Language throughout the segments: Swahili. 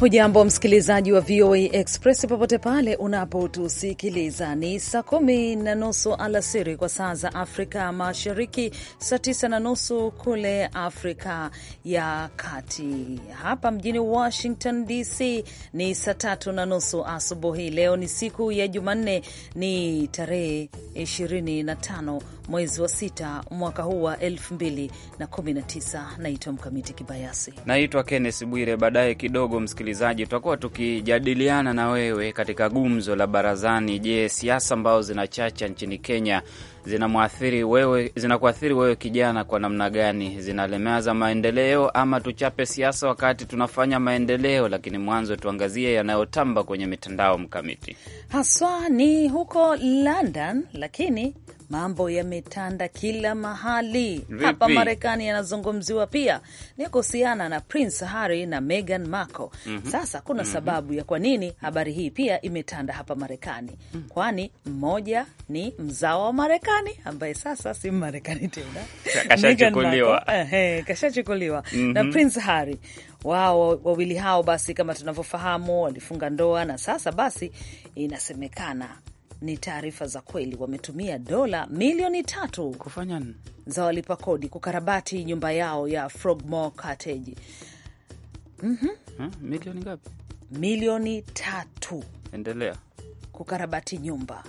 Hujambo msikilizaji wa VOA Express popote pale unapotusikiliza, ni saa kumi na nusu alasiri kwa saa za Afrika Mashariki, saa tisa na nusu kule Afrika ya Kati. Hapa mjini Washington DC ni saa tatu na nusu asubuhi. Leo ni siku ya Jumanne, ni tarehe 25 mwezi wa sita mwaka huu wa 2019. Naitwa Mkamiti Kibayasi, naitwa Kennes Bwire. Baadaye kidogo msikilizaji msikilizaji, tutakuwa tukijadiliana na wewe katika gumzo la barazani. Je, siasa ambazo zinachacha nchini Kenya zinamwathiri wewe, zinakuathiri wewe kijana kwa namna gani? Zinalemeza maendeleo ama tuchape siasa wakati tunafanya maendeleo? Lakini mwanzo tuangazie yanayotamba kwenye mitandao mkamiti, haswa ni huko London, lakini Mambo yametanda kila mahali Vipi? Hapa Marekani yanazungumziwa pia ni kuhusiana na Prince Harry na Meghan Markle. mm -hmm. Sasa kuna mhm. sababu ya kwa nini habari hii pia imetanda hapa Marekani mm -hmm. kwani mmoja ni mzawa wa Marekani ambaye sasa si Marekani tena kashachukuliwa kashachukuliwa mm -hmm. na mhm. Prince Harry wao wawili hao basi, kama tunavyofahamu, walifunga ndoa na sasa basi inasemekana ni taarifa za kweli, wametumia dola milioni tatu kufanya za walipa kodi kukarabati nyumba yao ya Frogmore Cottage. mm -hmm. Ha, milioni ngapi? Milioni tatu. Endelea kukarabati nyumba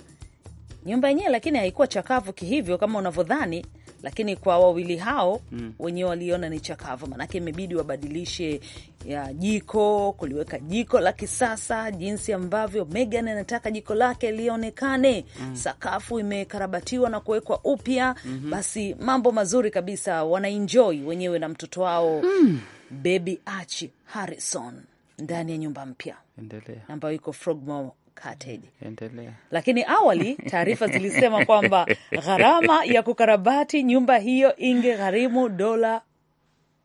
nyumba yenyewe, lakini haikuwa chakavu kihivyo kama unavyodhani lakini kwa wawili hao mm. wenyewe waliona ni chakavu, maanake imebidi wabadilishe ya jiko, kuliweka jiko la kisasa, jinsi ambavyo Megan anataka jiko lake lionekane mm. Sakafu imekarabatiwa na kuwekwa upya mm -hmm. Basi mambo mazuri kabisa, wanaenjoy wenyewe na mtoto wao mm. Baby Archie Harrison ndani ya nyumba mpya ambayo iko Frogmore Cottage. Endelea. Lakini awali taarifa zilisema kwamba gharama ya kukarabati nyumba hiyo ingegharimu dola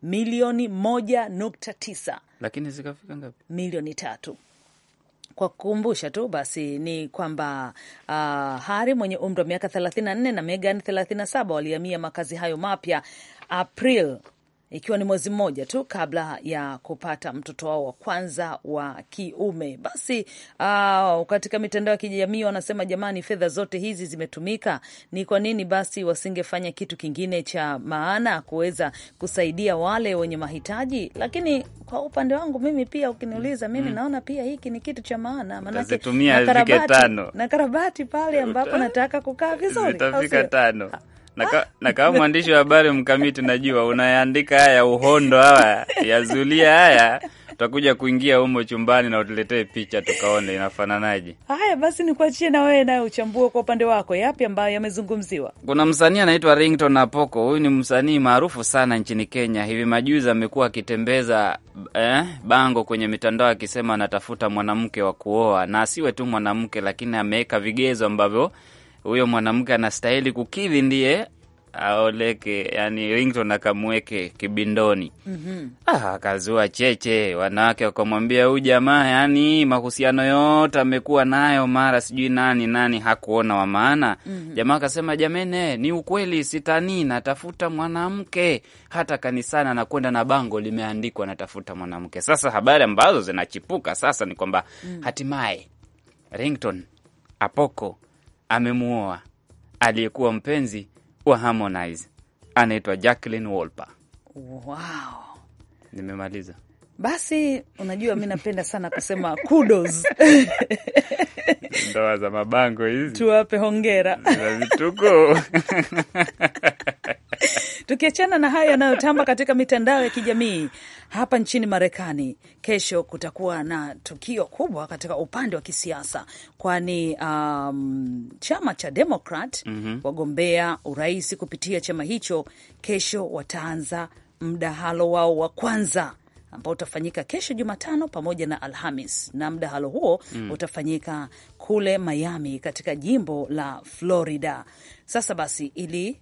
milioni moja nukta tisa lakini zikafika ngapi? Milioni tatu. Kwa kukumbusha tu basi ni kwamba uh, Hari mwenye umri wa miaka 34 na Megan 37 walihamia makazi hayo mapya April ikiwa ni mwezi mmoja tu kabla ya kupata mtoto wao wa kwanza wa kiume. Basi uh, katika mitandao ya kijamii wanasema jamani, fedha zote hizi zimetumika, ni kwa nini basi wasingefanya kitu kingine cha maana kuweza kusaidia wale wenye mahitaji? Lakini kwa upande wangu mimi pia ukiniuliza mimi mm, naona pia hiki ni kitu cha maana, manake na karabati, na karabati pale ambapo nataka kukaa vizuri na kama mwandishi wa habari mkamiti, najua unayaandika haya uhondo, haya yazulia haya utakuja kuingia humo chumbani na utuletee picha tukaone inafananaje. Haya basi, nikuachie na wewe naye uchambue kwa upande wako, yapi ambayo yamezungumziwa. Kuna msanii anaitwa Rington Apoko. Huyu ni msanii maarufu sana nchini Kenya. Hivi majuzi amekuwa akitembeza eh, bango kwenye mitandao akisema anatafuta mwanamke wa kuoa, na asiwe tu mwanamke, lakini ameweka vigezo ambavyo huyo mwanamke anastahili kukidhi, ndiye aoleke, yani Wington akamweke kibindoni. mm -hmm. Ah, akazua cheche, wanawake wakamwambia huyu jamaa, yani mahusiano yote amekuwa nayo, mara sijui nani nani, hakuona wa maana. mm -hmm. Jamaa akasema jamene, ni ukweli, sitanii, natafuta mwanamke. Hata kanisani anakwenda na bango limeandikwa natafuta mwanamke. Sasa habari ambazo zinachipuka sasa ni kwamba mm -hmm. hatimaye Rington Apoko amemwoa aliyekuwa mpenzi wa Harmonize, anaitwa Jacqueline Wolper. Wow, nimemaliza. Basi unajua, mi napenda sana kusema kudos ndoa za mabango hizi, tuwape hongera za vituko Tukiachana na hayo yanayotamba katika mitandao ya kijamii hapa nchini Marekani, kesho kutakuwa na tukio kubwa katika upande wa kisiasa, kwani um, chama cha Demokrat mm -hmm. wagombea urais kupitia chama hicho kesho wataanza mdahalo wao wa kwanza ambao utafanyika kesho Jumatano pamoja na Alhamis, na mdahalo huo mm. utafanyika kule Miami katika jimbo la Florida. Sasa basi, ili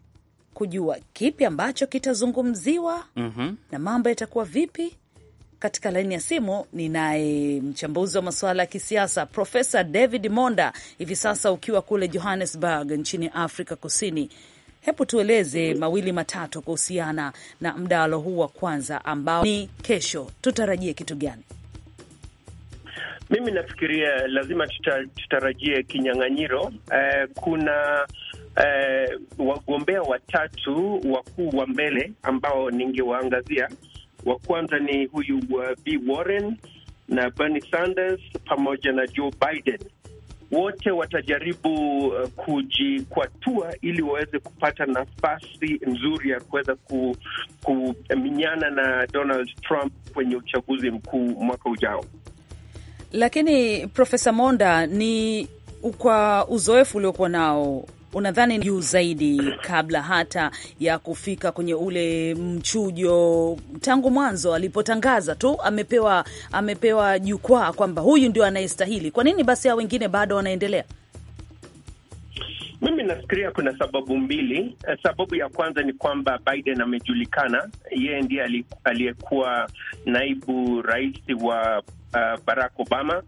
kujua kipi ambacho kitazungumziwa mm -hmm. na mambo yatakuwa vipi katika laini ya simu ninaye mchambuzi wa masuala ya kisiasa Profesa David Monda, hivi sasa ukiwa kule Johannesburg nchini Afrika Kusini. Hebu tueleze mawili matatu kuhusiana na mdahalo huu wa kwanza ambao ni kesho, tutarajie kitu gani? Mimi nafikiria lazima tuta, tutarajie kinyang'anyiro. Eh, kuna eh, wagombea watatu wakuu wa mbele ambao ningewaangazia. Wa kwanza ni huyu uh, Warren na Bernie Sanders pamoja na Joe Biden wote watajaribu uh, kujikwatua ili waweze kupata nafasi nzuri ya kuweza kuminyana na Donald Trump kwenye uchaguzi mkuu mwaka ujao. Lakini Profesa Monda, ni kwa uzoefu uliokuwa nao unadhani juu zaidi kabla hata ya kufika kwenye ule mchujo, tangu mwanzo alipotangaza tu amepewa amepewa jukwaa kwamba huyu ndio anayestahili, kwa nini basi hao wengine bado wanaendelea? Mimi nafikiria kuna sababu mbili. Eh, sababu ya kwanza ni kwamba Biden amejulikana, yeye ndiye aliyekuwa naibu rais wa uh, Barack Obama,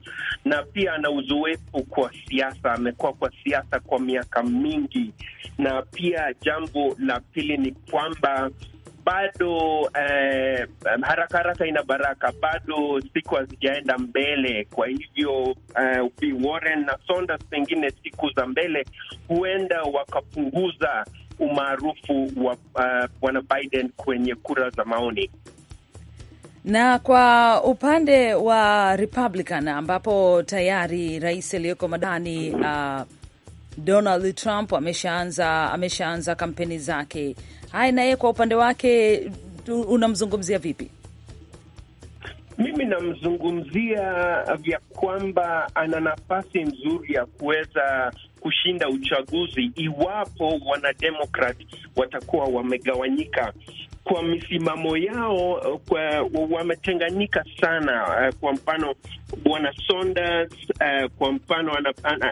na pia ana uzoefu kwa siasa, amekuwa kwa siasa kwa miaka mingi. Na pia jambo la pili ni kwamba bado eh, haraka haraka ina baraka, bado siku hazijaenda mbele. Kwa hivyo eh, Warren na Sanders pengine siku za mbele huenda wakapunguza umaarufu wa uh, Biden kwenye kura za maoni na kwa upande wa Republican ambapo tayari rais aliyoko madani uh, eh, Donald Trump ameshaanza ameshaanza kampeni zake. Haya, na yeye kwa upande wake unamzungumzia vipi? Mimi namzungumzia vya kwamba ana nafasi nzuri ya kuweza kushinda uchaguzi iwapo wanademokrat watakuwa wamegawanyika kwa misimamo yao uh, wametenganyika sana. Uh, kwa mfano bwana Sonders uh, kwa mfano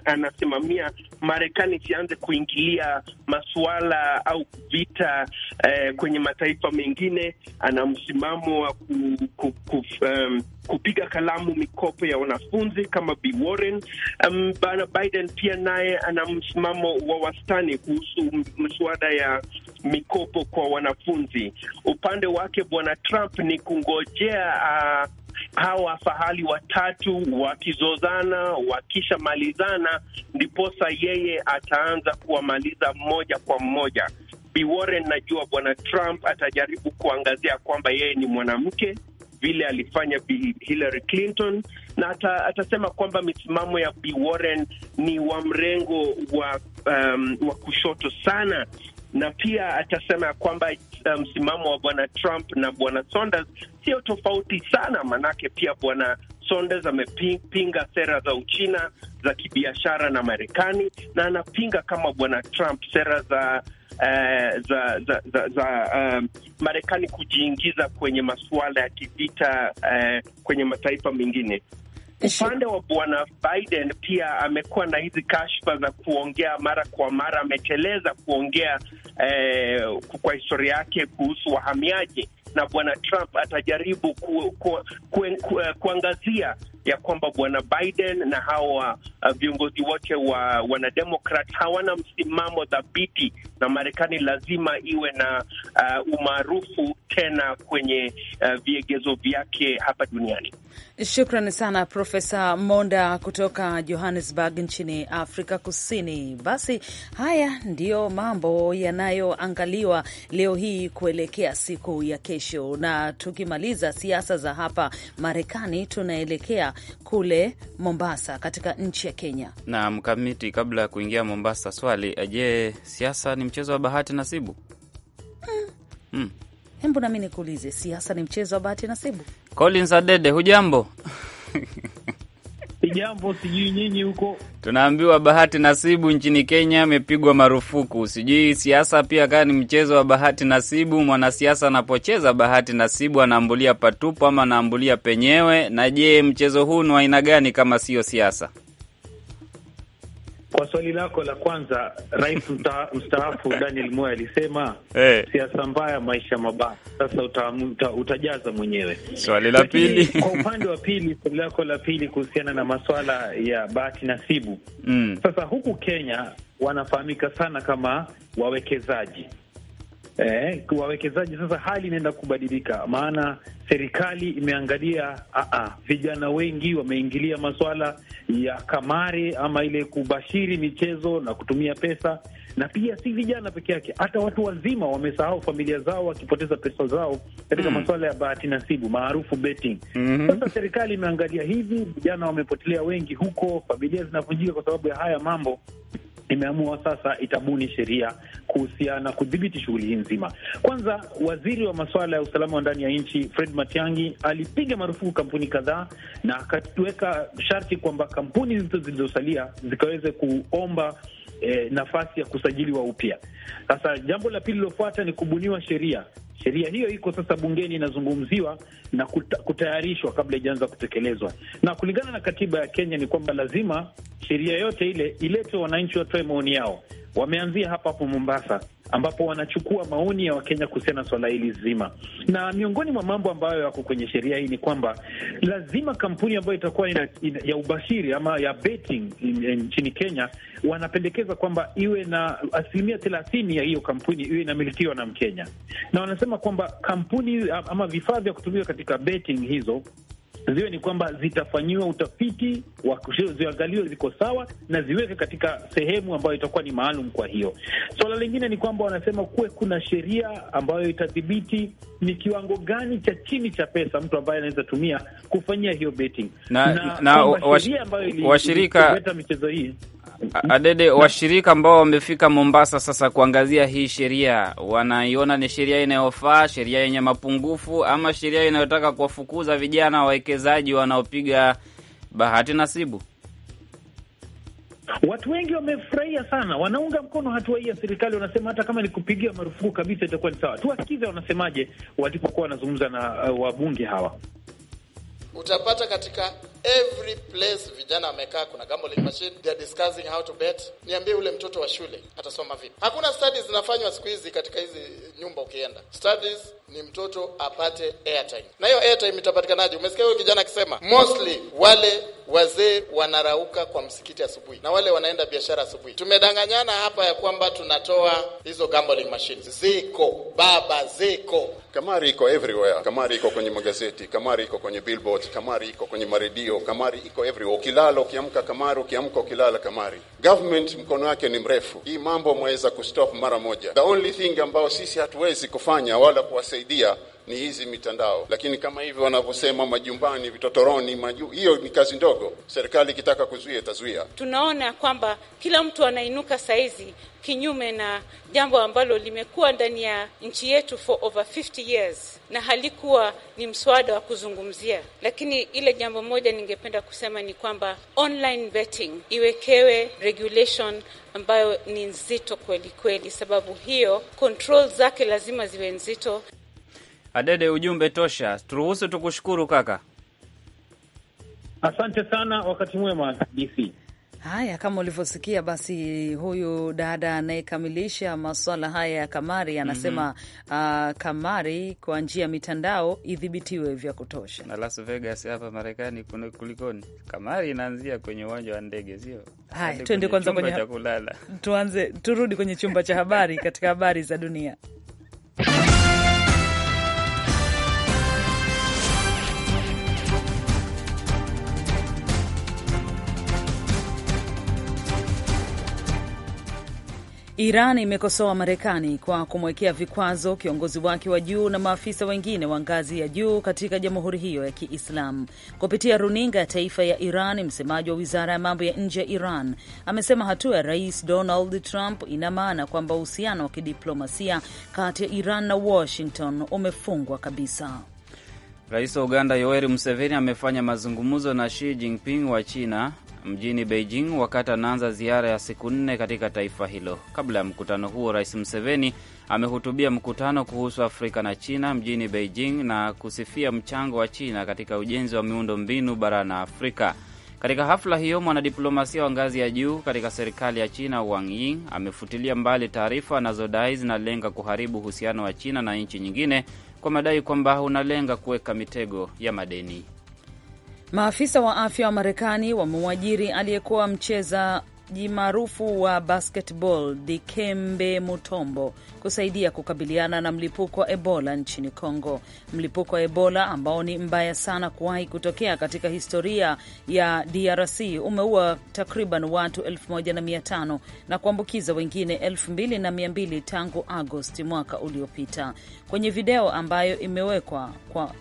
anasimamia Marekani isianze kuingilia masuala au vita uh, kwenye mataifa mengine. Ana msimamo wa ku, ku, ku, um, kupiga kalamu mikopo ya wanafunzi kama Bi Warren. Um, Biden pia naye ana msimamo wa wastani kuhusu mswada ya mikopo kwa wanafunzi. Upande wake bwana Trump ni kungojea uh, hawa fahali watatu wakizozana, wakishamalizana, ndiposa yeye ataanza kuwamaliza mmoja kwa mmoja. Bi Warren, najua bwana Trump atajaribu kuangazia kwamba yeye ni mwanamke vile alifanya Bi Hillary Clinton na ata, atasema kwamba misimamo ya Bi Warren ni wa mrengo wa, um, wa kushoto sana, na pia atasema ya kwamba uh, msimamo um, wa bwana Trump na bwana Sanders sio tofauti sana, manake pia bwana Sanders amepinga sera za Uchina za kibiashara na Marekani, na anapinga kama bwana Trump sera za Uh, za za, za, za um, Marekani kujiingiza kwenye masuala ya kivita uh, kwenye mataifa mengine. Upande wa bwana Biden pia amekuwa na hizi kashfa za kuongea mara kwa mara, ameteleza kuongea eh, kwa historia yake kuhusu wahamiaji, na bwana Trump atajaribu ku, ku, ku, ku, kuangazia ya kwamba bwana Biden na hawa uh, viongozi wote wa wanademokrat hawana msimamo thabiti, na Marekani lazima iwe na uh, umaarufu tena kwenye uh, viegezo vyake hapa duniani. Shukran sana Profesa Monda kutoka Johannesburg nchini Afrika Kusini. Basi haya ndiyo mambo yanayoangaliwa leo hii kuelekea siku ya kesho, na tukimaliza siasa za hapa Marekani tunaelekea kule Mombasa katika nchi ya Kenya. Na mkamiti, kabla ya kuingia Mombasa, swali: eh, je, siasa ni mchezo wa bahati nasibu? mm. Mm. Hembu nami nikuulize, siasa ni mchezo wa bahati nasibu? Collins Adede, hujambo? Sijambo, sijui nyinyi huko. Tunaambiwa bahati nasibu nchini Kenya amepigwa marufuku. Sijui siasa pia kaa ni mchezo wa bahati nasibu. Mwanasiasa anapocheza bahati nasibu anaambulia patupu ama anaambulia penyewe? Na je, mchezo huu ni wa aina gani kama siyo siasa? Kwa swali lako la kwanza, rais mstaafu Daniel Moi alisema hey, eh. siasa mbaya, maisha mabaya. Sasa uta, uta, utajaza mwenyewe swali la pili. Kwa upande wa pili, swali lako la pili kuhusiana na maswala ya bahati nasibu mm. Sasa huku Kenya wanafahamika sana kama wawekezaji eh, wawekezaji sasa, hali inaenda kubadilika, maana serikali imeangalia aa, ah, ah, vijana wengi wameingilia masuala ya kamari ama ile kubashiri michezo na kutumia pesa, na pia si vijana peke yake, hata watu wazima wamesahau familia zao, wakipoteza pesa zao katika mm, masuala ya bahati nasibu maarufu betting. Mm-hmm. Sasa serikali imeangalia hivi, vijana wamepotelea wengi huko, familia zinavunjika kwa sababu ya haya mambo imeamua sasa itabuni sheria kuhusiana na kudhibiti shughuli hii nzima. Kwanza, waziri wa masuala ya usalama wa ndani ya nchi Fred Matiang'i alipiga marufuku kampuni kadhaa na akaweka sharti kwamba kampuni zizo zilizosalia zikaweze kuomba eh, nafasi ya kusajiliwa upya. Sasa jambo la pili lilofuata ni kubuniwa sheria Sheria hiyo iko sasa bungeni inazungumziwa na kutayarishwa kabla ijaanza kutekelezwa, na kulingana na katiba ya Kenya ni kwamba lazima sheria yote ile iletwe, wananchi watoe maoni yao. Wameanzia hapa hapo Mombasa, ambapo wanachukua maoni ya Wakenya kuhusiana na swala hili zima, na miongoni mwa mambo ambayo yako kwenye sheria hii ni kwamba lazima kampuni ambayo itakuwa ina, ina, ya ubashiri ama ya betting nchini Kenya wanapendekeza kwamba iwe na asilimia thelathini ya hiyo kampuni iwe inamilikiwa na Mkenya, na wanasema kwamba kampuni ama vifaa vya kutumika katika betting hizo ziwe ni kwamba zitafanyiwa utafiti wa ziangaliwe ziko sawa na ziweke katika sehemu ambayo itakuwa ni maalum. Kwa hiyo swala so, lingine ni kwamba wanasema kuwe kuna sheria ambayo itadhibiti ni kiwango gani cha chini cha pesa mtu ambaye anaweza tumia kufanyia hiyo betting na, na, na washirika michezo hii Adede, washirika ambao wamefika Mombasa sasa kuangazia hii sheria, wanaiona ni sheria inayofaa, sheria yenye mapungufu, ama sheria inayotaka kuwafukuza vijana wawekezaji wanaopiga bahati nasibu? Watu wengi wamefurahia sana, wanaunga mkono hatua hii ya serikali. Wanasema hata kama ni kupigia marufuku kabisa itakuwa ni sawa. Tuwasikize wanasemaje walipokuwa wanazungumza na uh, wabunge hawa. Utapata katika every place vijana wamekaa, kuna gambling machine, they are discussing how to bet. Niambie, ule mtoto wa shule atasoma vipi? Hakuna studies zinafanywa siku hizi katika hizi nyumba. Ukienda studies ni mtoto apate airtime, na hiyo airtime itapatikanaje? Umesikia huyo kijana akisema mostly wale wazee wanarauka kwa msikiti asubuhi na wale wanaenda biashara asubuhi. Tumedanganyana hapa ya kwamba tunatoa hizo gambling machines. Ziko baba, ziko kamari, iko everywhere. Kamari iko kwenye magazeti, kamari iko kwenye billboard, kamari iko kwenye maredio hiyo kamari iko everywhere, ukilala, ukiamka kamari, ukiamka ukilala kamari. Government mkono wake ni mrefu, hii mambo mwaweza kustop mara moja. The only thing ambayo sisi hatuwezi kufanya wala kuwasaidia ni hizi mitandao, lakini kama hivyo wanavyosema majumbani, vitotoroni, maju, hiyo ni kazi ndogo. Serikali ikitaka kuzuia itazuia. Tunaona kwamba kila mtu anainuka saizi kinyume na jambo ambalo limekuwa ndani ya nchi yetu for over 50 years na halikuwa ni mswada wa kuzungumzia. Lakini ile jambo moja ningependa kusema ni kwamba online betting iwekewe regulation ambayo ni nzito kweli kweli, sababu hiyo control zake lazima ziwe nzito. Adede, ujumbe tosha, turuhusu tukushukuru kaka. Asante sana, wakati mwema DC. Haya, kama ulivyosikia, basi huyu dada anayekamilisha maswala haya ya kamari anasema mm -hmm. uh, kamari kwa njia ya mitandao idhibitiwe vya kutosha. Na Las Vegas hapa Marekani kuna kulikoni, kamari inaanzia kwenye uwanja wa ndege, sio? Haya, tuende kwanza kwenye cha kulala, tuanze turudi kwenye chumba cha habari katika habari za dunia Iran imekosoa Marekani kwa kumwekea vikwazo kiongozi wake wa juu na maafisa wengine wa ngazi ya juu katika jamhuri hiyo ya Kiislamu. Kupitia runinga ya taifa ya Iran, msemaji wa wizara ya mambo ya nje ya Iran amesema hatua ya Rais Donald Trump ina maana kwamba uhusiano wa kidiplomasia kati ya Iran na Washington umefungwa kabisa. Rais wa Uganda Yoweri Museveni amefanya mazungumzo na Xi Jinping wa China mjini Beijing wakati anaanza ziara ya siku nne katika taifa hilo. Kabla ya mkutano huo, Rais Museveni amehutubia mkutano kuhusu Afrika na China mjini Beijing na kusifia mchango wa China katika ujenzi wa miundo mbinu barani Afrika. Katika hafla hiyo, mwanadiplomasia wa ngazi ya juu katika serikali ya China Wang Yi amefutilia mbali taarifa anazodai zinalenga kuharibu uhusiano wa China na nchi nyingine kwa madai kwamba unalenga kuweka mitego ya madeni. Maafisa wa afya wa Marekani wamemwajiri aliyekuwa mchezaji maarufu wa basketball Dikembe Mutombo kusaidia kukabiliana na mlipuko wa Ebola nchini congo Mlipuko wa Ebola ambao ni mbaya sana kuwahi kutokea katika historia ya DRC umeua takriban watu 1500 na kuambukiza wengine 2200 tangu Agosti mwaka uliopita. Kwenye video ambayo imewekwa kwa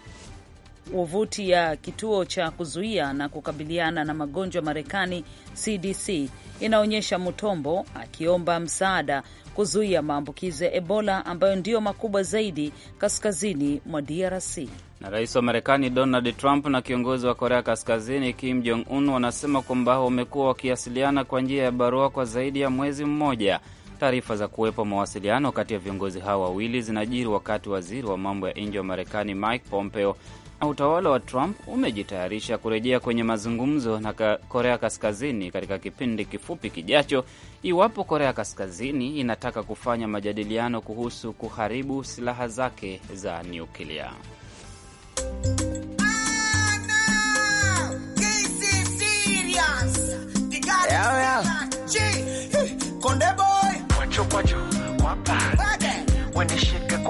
Wavuti ya kituo cha kuzuia na kukabiliana na magonjwa Marekani, CDC, inaonyesha Mutombo akiomba msaada kuzuia maambukizi ya Ebola ambayo ndiyo makubwa zaidi kaskazini mwa DRC. Na rais wa Marekani Donald Trump na kiongozi wa Korea Kaskazini Kim Jong Un wanasema kwamba wamekuwa wakiwasiliana kwa njia ya barua kwa zaidi ya mwezi mmoja. Taarifa za kuwepo mawasiliano kati ya viongozi hao wawili zinajiri wakati waziri wa mambo ya nje wa Marekani Mike Pompeo Utawala wa Trump umejitayarisha kurejea kwenye mazungumzo na Korea Kaskazini katika kipindi kifupi kijacho, iwapo Korea Kaskazini inataka kufanya majadiliano kuhusu kuharibu silaha zake za nyuklia.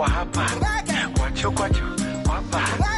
Oh, no.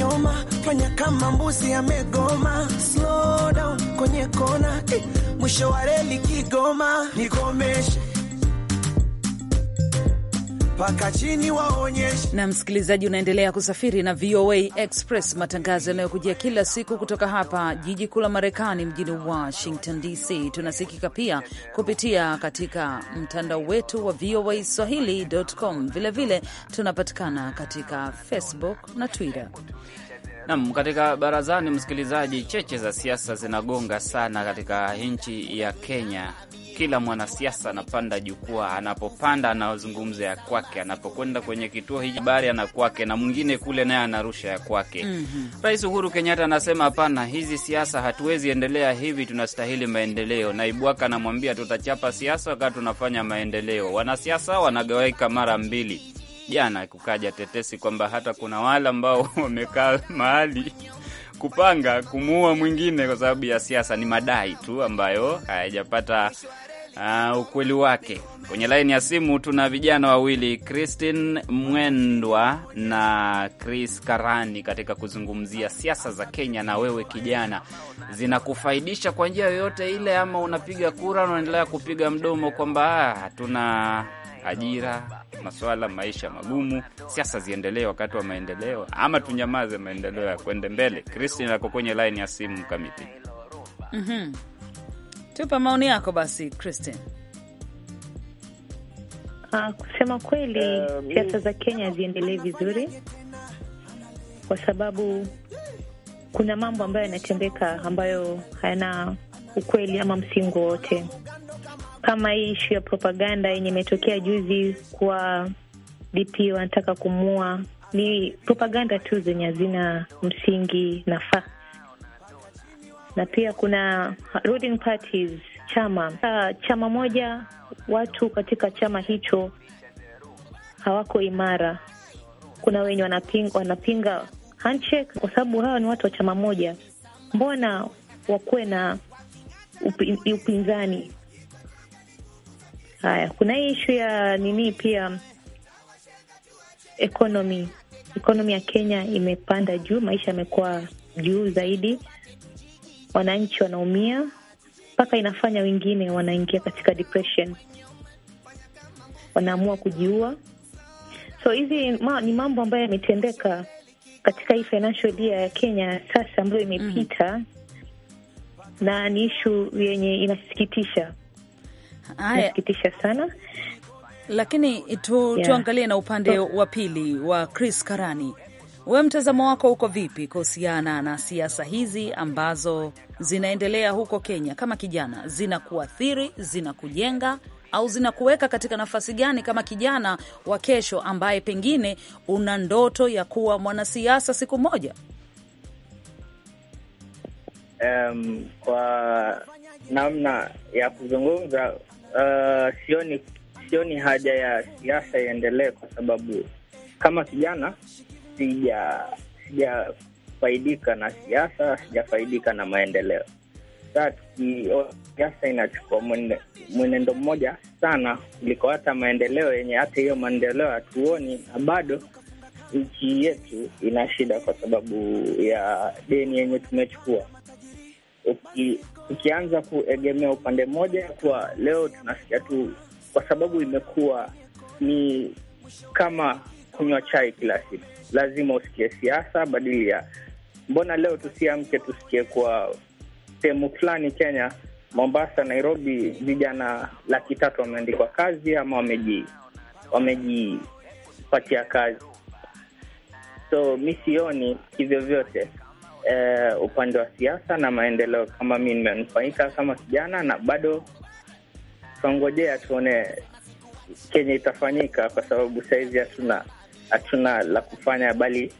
nyoma, fanya kama mbuzi amegoma. Slow down kwenye kona eh, mwisho wa reli Kigoma, nikomeshe mpaka chini waonyeshe. Na msikilizaji, unaendelea kusafiri na VOA Express, matangazo yanayokujia kila siku kutoka hapa jiji kuu la Marekani, mjini Washington DC. Tunasikika pia kupitia katika mtandao wetu wa VOA Swahili.com. Vilevile tunapatikana katika Facebook na Twitter. Nam, katika barazani, msikilizaji, cheche za siasa zinagonga sana katika nchi ya Kenya kila mwanasiasa anapanda jukwaa, anapopanda anazungumza ya kwake, anapokwenda kwenye kituo hiki habari ana kwake, na mwingine kule naye anarusha ya kwake. mm -hmm. Rais Uhuru Kenyatta anasema hapana, hizi siasa hatuwezi endelea hivi, tunastahili maendeleo. Naibu wake anamwambia tutachapa siasa wakati tunafanya maendeleo. Wanasiasa wanagawaika mara mbili. Jana kukaja tetesi kwamba hata kuna wale ambao wamekaa mahali kupanga kumuua mwingine kwa sababu ya siasa. Ni madai tu ambayo hayajapata uh, ukweli wake. Kwenye laini ya simu tuna vijana wawili Christine Mwendwa na Chris Karani katika kuzungumzia siasa za Kenya. Na wewe kijana, zinakufaidisha kwa njia yoyote ile, ama unapiga kura, unaendelea kupiga mdomo kwamba ah, hatuna ajira, masuala maisha magumu, siasa ziendelee wakati wa maendeleo, ama tunyamaze, maendeleo ya kwende mbele? Christine ako kwenye laini ya simu kamiti. mm -hmm. Tupa maoni yako basi, Christine. Uh, kusema kweli eh, siasa za Kenya ziendelee vizuri kwa sababu kuna mambo ambayo yanatendeka ambayo hayana ukweli ama msingi wowote, kama hii ishu ya propaganda yenye imetokea juzi kuwa DP wanataka kumua. Ni propaganda tu zenye hazina msingi nafasi na pia kuna ruling parties chama. Chama moja, watu katika chama hicho hawako imara. Kuna wenye wanapinga, wanapinga handshake kwa sababu hawa ni watu wa chama moja, mbona wakuwe na upi, upinzani? Haya, kuna hii ishu ya nini pia economy. Economy ya Kenya imepanda juu, maisha yamekuwa juu zaidi wananchi wanaumia mpaka inafanya wengine wanaingia katika depression, wanaamua kujiua. So hizi ma, ni mambo ambayo yametendeka katika hii financial year ya Kenya sasa ambayo mm. imepita mm. na ni ishu yenye inasikitisha, inasikitisha sana lakini tu, yeah. tuangalie na upande wa pili wa Chris Karani wewe mtazamo wako uko vipi kuhusiana na siasa hizi ambazo zinaendelea huko Kenya? Kama kijana, zinakuathiri, zinakujenga au zinakuweka katika nafasi gani kama kijana wa kesho ambaye pengine una ndoto ya kuwa mwanasiasa siku moja? Um, kwa namna ya kuzungumza, uh, sioni sioni haja ya siasa iendelee, kwa sababu kama kijana sija sijafaidika na siasa, sijafaidika na maendeleo. Sasa tukiona siasa inachukua mwenendo mmoja sana kuliko hata maendeleo yenye, hata hiyo maendeleo hatuoni, na bado nchi yetu ina shida kwa sababu ya deni yenye tumechukua. Uki, ukianza kuegemea upande mmoja, kwa leo tunasikia tu, kwa sababu imekuwa ni kama kunywa chai kila siku lazima usikie siasa, ya Mbona leo tusiamke tusikie kwa sehemu fulani Kenya, Mombasa, Nairobi, vijana laki tatu wameandikwa kazi ama wameji wamejipatia kazi? So mi sioni hivyo vyote eh, upande wa siasa na maendeleo. Kama mi nimenufaika kama kijana, na bado tangojea tuone Kenya itafanyika, kwa sababu sahizi hatuna hatuna la kufanya bali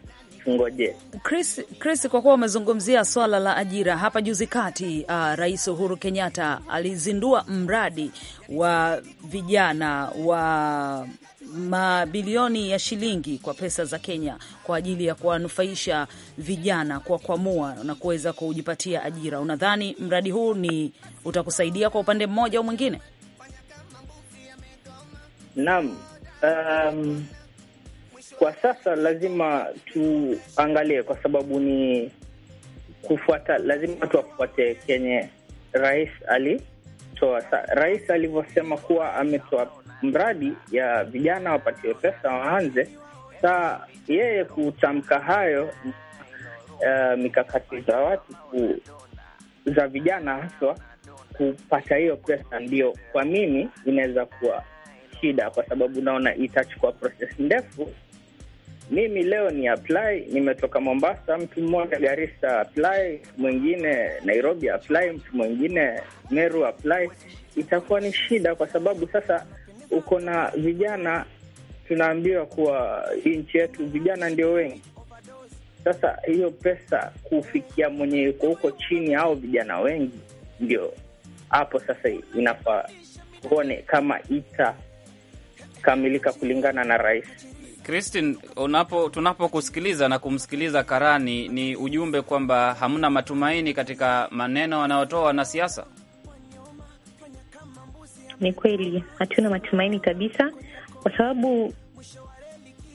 Chris, Chris, kwa kuwa umezungumzia swala la ajira hapa juzi kati, uh, Rais Uhuru Kenyatta alizindua mradi wa vijana wa mabilioni ya shilingi kwa pesa za Kenya kwa ajili ya kuwanufaisha vijana kwa na kuweza kujipatia ajira. Unadhani mradi huu ni utakusaidia kwa upande mmoja au mwingine? Naam, um, kwa sasa lazima tuangalie, kwa sababu ni kufuata, lazima wafuate kenye rais alitoa. Rais alivyosema kuwa ametoa mradi ya vijana wapatiwe pesa waanze. Saa yeye kutamka hayo, uh, mikakati za watu ku, za vijana haswa kupata hiyo pesa, ndio kwa mimi inaweza kuwa shida, kwa sababu naona itachukua proses ndefu mimi leo ni apply, nimetoka Mombasa, mtu mmoja Garissa apply, mwingine Nairobi apply, mtu mwingine Meru apply. Itakuwa ni shida, kwa sababu sasa uko na vijana, tunaambiwa kuwa hii nchi yetu vijana ndio wengi. Sasa hiyo pesa kufikia mwenye yuko huko chini au vijana wengi, ndio hapo sasa inafaa tuone kama itakamilika kulingana na rais. Christine, unapo tunapokusikiliza na kumsikiliza Karani, ni ujumbe kwamba hamna matumaini katika maneno wanayotoa wanasiasa. Ni kweli hatuna matumaini kabisa, kwa sababu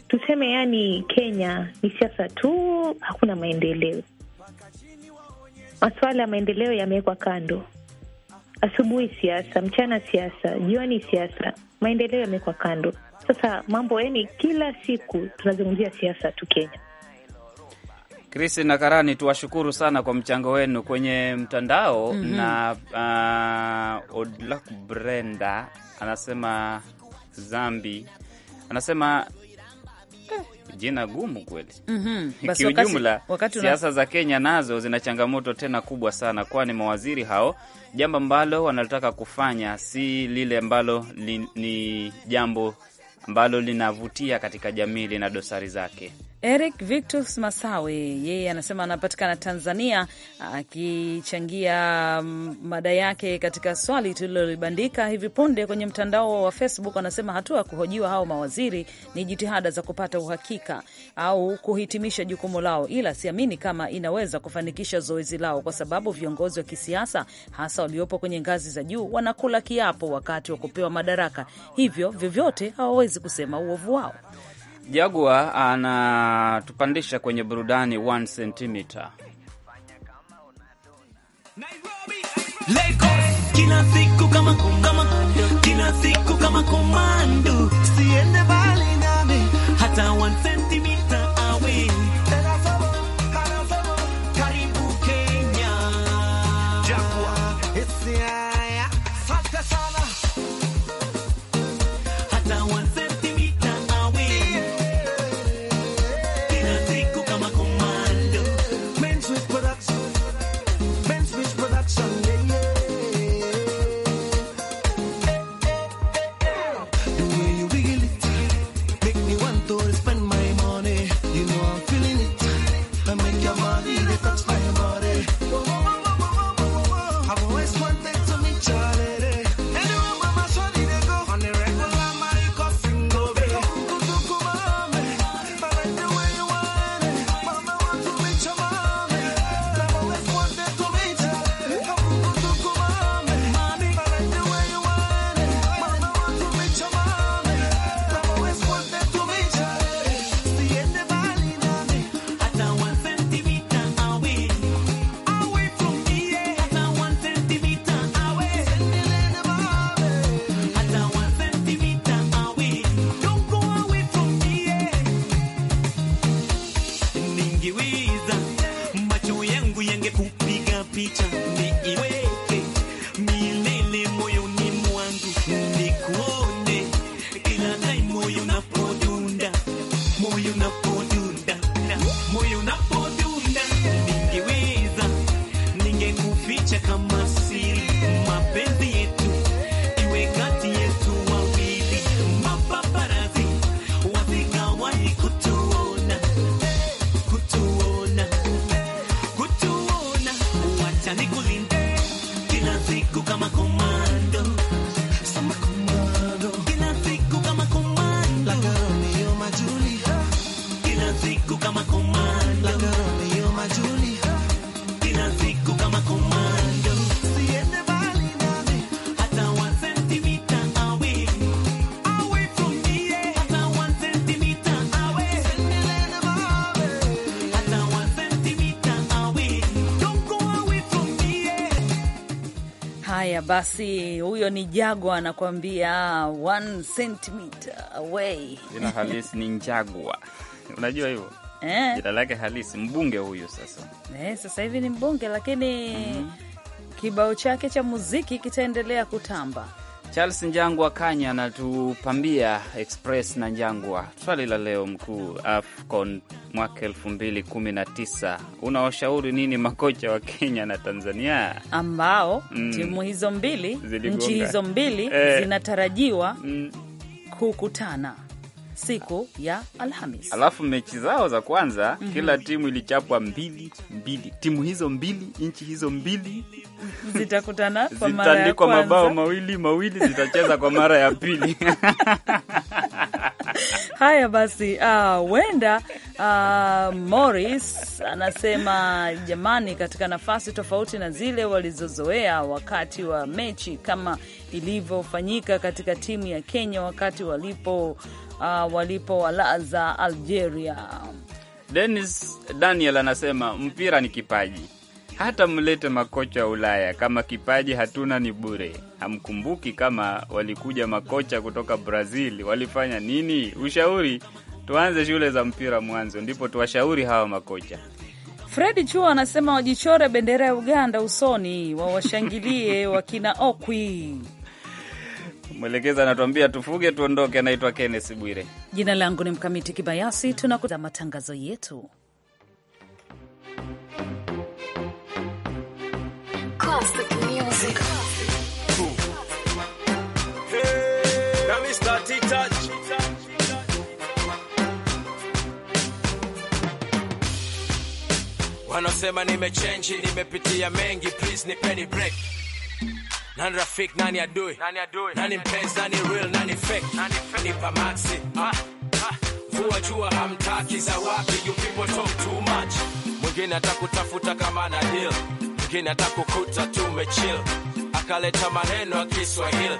tuseme, yani Kenya ni siasa tu, hakuna maendeleo. Masuala ya maendeleo yamewekwa kando. Asubuhi siasa, mchana siasa, jioni siasa, maendeleo yamewekwa kando. Sasa mambo yani, kila siku tunazungumzia siasa tu Kenya. Chris na Karani, tuwashukuru sana kwa mchango wenu kwenye mtandao. mm -hmm. Na uh, Odlak Brenda anasema Zambi anasema eh, jina gumu kweli. mm -hmm. Kiujumla siasa za Kenya nazo zina changamoto tena kubwa sana, kwani mawaziri hao jambo ambalo wanataka kufanya si lile ambalo ni jambo ambalo linavutia katika jamii, lina dosari zake. Eric Victus Masawe yeye anasema anapatikana Tanzania, akichangia mm, mada yake katika swali tulilolibandika hivi punde kwenye mtandao wa Facebook. Anasema hatua ya kuhojiwa hao mawaziri ni jitihada za kupata uhakika au kuhitimisha jukumu lao, ila siamini kama inaweza kufanikisha zoezi lao, kwa sababu viongozi wa kisiasa hasa waliopo kwenye ngazi za juu wanakula kiapo wakati wa kupewa madaraka, hivyo vyovyote hawawezi kusema uovu wao. Jagua anatupandisha kwenye burudani 1 cm kila siku kama ningejiwiza, macho yangu yangekupiga picha basi, huyo ni Jagwa anakuambia one centimeter away. Jina halisi ni Njagwa, unajua hivyo eh? Jina lake halisi mbunge huyu sasa eh, sasa hivi ni mbunge lakini mm -hmm. Kibao chake cha muziki kitaendelea kutamba. Charles Njangwa Kanya anatupambia Express na Njangwa. Swali la leo, mkuu AFCON mwaka elfu mbili kumi na tisa, unawashauri nini makocha wa Kenya na Tanzania ambao mm, timu hizo mbili, nchi hizo mbili eh, zinatarajiwa mm, kukutana siku ya Alhamis. Alafu mechi zao za kwanza mm -hmm. kila timu ilichapwa mbili mbili, timu hizo mbili, nchi hizo mbili zitakutana kwa mara ya kwanza, zitaandikwa mabao mawili mawili, zitacheza kwa mara ya pili Haya basi, ah, huenda wenda uh, Morris anasema jamani, katika nafasi tofauti na zile walizozoea wakati wa mechi kama ilivyofanyika katika timu ya Kenya wakati walipo uh, walipowalaza Algeria. Dennis Daniel anasema mpira ni kipaji hata mlete makocha wa Ulaya, kama kipaji hatuna ni bure. Hamkumbuki kama walikuja makocha kutoka Brazil walifanya nini? Ushauri tuanze shule za mpira mwanzo, ndipo tuwashauri hawa makocha. Fredi Chua anasema wajichore bendera ya Uganda usoni, wawashangilie wakina Okwi. Mwelekezi anatuambia tufuge tuondoke. Anaitwa Kennes Bwire, jina langu ni Mkamiti Kibayasi. Tunakuza matangazo yetu Classic music. Hey, me start t T-Touch. Wanasema nimechenji, nimepitia mengi, please nipeni break. Nani rafiki, nani adui, nani adui, nani mpenzi, nani real, nani fake, nani fake, nipa maxi ah, ah. jua hamtaki za wapi, you people talk too much. Mwingine atakutafuta kama na deal mwingine atakukuta tumechill, akaleta maneno ya Kiswahili,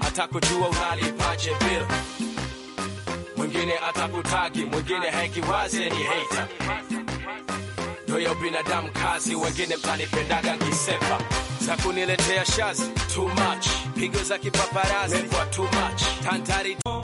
atakujua unalipaje bill. Mwingine atakutagi, mwingine wazi ni hater, ndoyo binadamu kazi. Wengine mtanipendaga kisepa za kuniletea shazi too much, pigo za kipaparazi kwa too much tantari too